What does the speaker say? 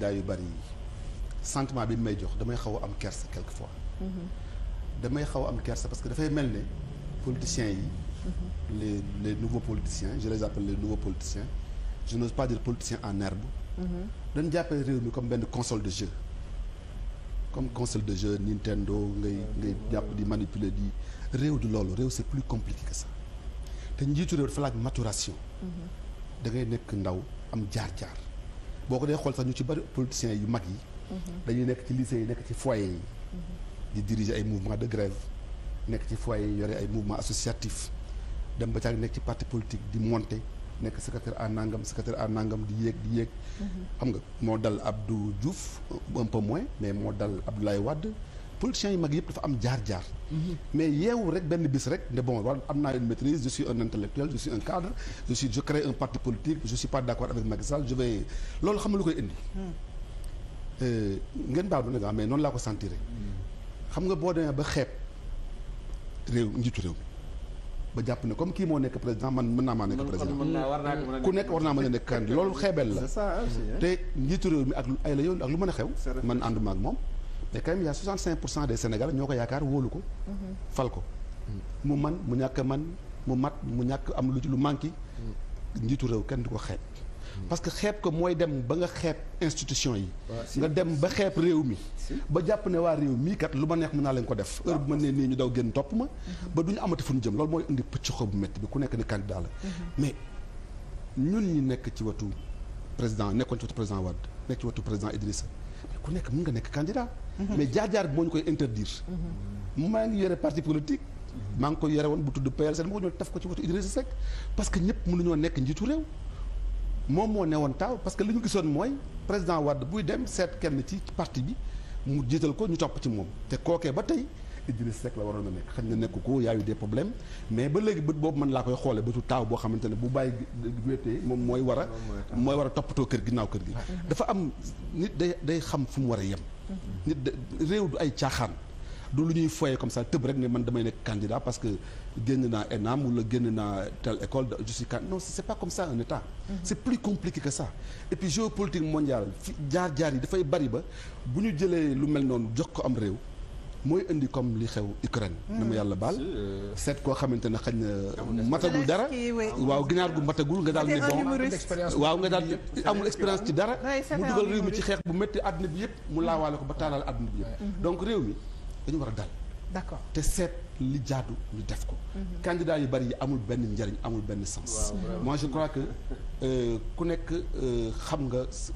candidat yu bari yi bi may jox damay xaw a am kersa quelque fois. xaw a am parce que dafay mel ne politiciens yi. les les nouveaux politiciens je les appelle les dañ jàppee réew mi comme benn console de jeu. comme console de jeu Nintendo ngay ngay jàpp di manipuler di réew di loolu réew c'est plus compliqué que te njiitu réew dafa laaj maturation. da nekk ndaw am jaar-jaar. boo ko dee xool sax ñu ci bari politiciens yu mag yi. Mhm. dañuy nekk ci lycée yi nekk ci foyer yi. Mhm. di diriger ay mouvement de grève nekk ci foyer yi yore ay mouvement associatif dem ba caag nekk ci parti politique di monter nekk secrétaire à nangam secrétaire à nangam di yéeg di yéeg. Mhm. xam nga moo dal Abdou Diouf un peu moins mais moo dal Abdoulaye Wade. politiciens yu mag yëpp dafa am jaar-jaar mhm. mais yeewu rek benn bis rek ne bon wala am naa une maîtrise je suis un intellectuel je suis un cadre je suis je un parti politique je suis d'accord avec Macky Sall loolu xam nga lu koy indi hmm. euh, ngeen bu nag mais noonu laa ko sentir hmm. xam nga boo demee ba xeeb réew njiitu réew ba jàpp ne comme kii moo nekk président man mën naa maa nekk président ku nekk war naa mën a nekk kan loolu xeebel la te njiitu réew mi ak ay la yoon ak lu mën a xew man ànduma ak moom mais quand même il y pour cent de Sénégalais ñoo ko yaakaar wóolu ko. fal ko mu man mu ñàkk man mu mat mu ñàkk am lu ci lu manqué. njiitu réew kenn du ko xeeb. parce que xeeb ko mooy dem ba nga xeeb institution yi. nga dem ba xeeb réew mi. ba jàpp ne waa réew mii kat lu ma neex mën naa leen ko def. heure bu ma nee nii ñu daw génn topp ma. Mhm. ba du ñu amati fu ñu jëm loolu mooy indi pëcc xobu métti bi ku nekk ni candidat la. Mhm. mais ñun ñi nekk ci wetu président nekkoon ci wetu président Wade nekk wetu président Idrissa. ku nekk mën nga nekk candidat. mais jaar-jaar bi moo ñu koy interdire. maa ngi yore parti politique. maa ngi ko yore woon bu tudd PLC dama ko ñëw taf ko ci wetu Idrissa Seck parce que ñëpp mënuñoo nekk njiitu réew. moom moo ne parce que li ñu gisoon mooy président Wade buy dem seet kenn ci parti bi mu jiital ko ñu topp ci moom te kookee ba tey. Idriss Seck la waroon a nekk xëy na nekk ko yaayu des problèmes mais ba léegi bët boobu man laa koy xoolee bëtu taaw boo xamante ne bu bàyyi wéetee moom mooy war a mooy war a toppatoo kër ginnaaw kër gi dafa am nit day xam fu mu war a yem nit réew du ay caaxaan du lu ñuy foyee comme ça tëb rek ne man damay nekk candidat parce que génn naa ENAM wala génn naa telle école je suis candidat non c'est pas comme ça un état mm-hmm. c'est plus compliqué que ça et puis géopolitique mondiale fi jaar-jaar lu mel noonu jox am réew mooy indi comme li xew Ukraine. na ma yàlla baal seet koo xamante ne xañ na matagul dara. waaw ginaar gu matagul nga daal ne bon waaw nga daal amul expérience ci dara. mu dugal réew mi ci xeex bu métti àdduna bi yëpp mu waale ko ba taalaal àdduna bi yëpp. donc réew mi dañu war a dal. d'accord te seet li jaadu ñu def ko. Mm-hmm. candidat yu bari yi amul benn njariñ amul benn sens. moi je crois que euh, ku nekk euh, xam nga.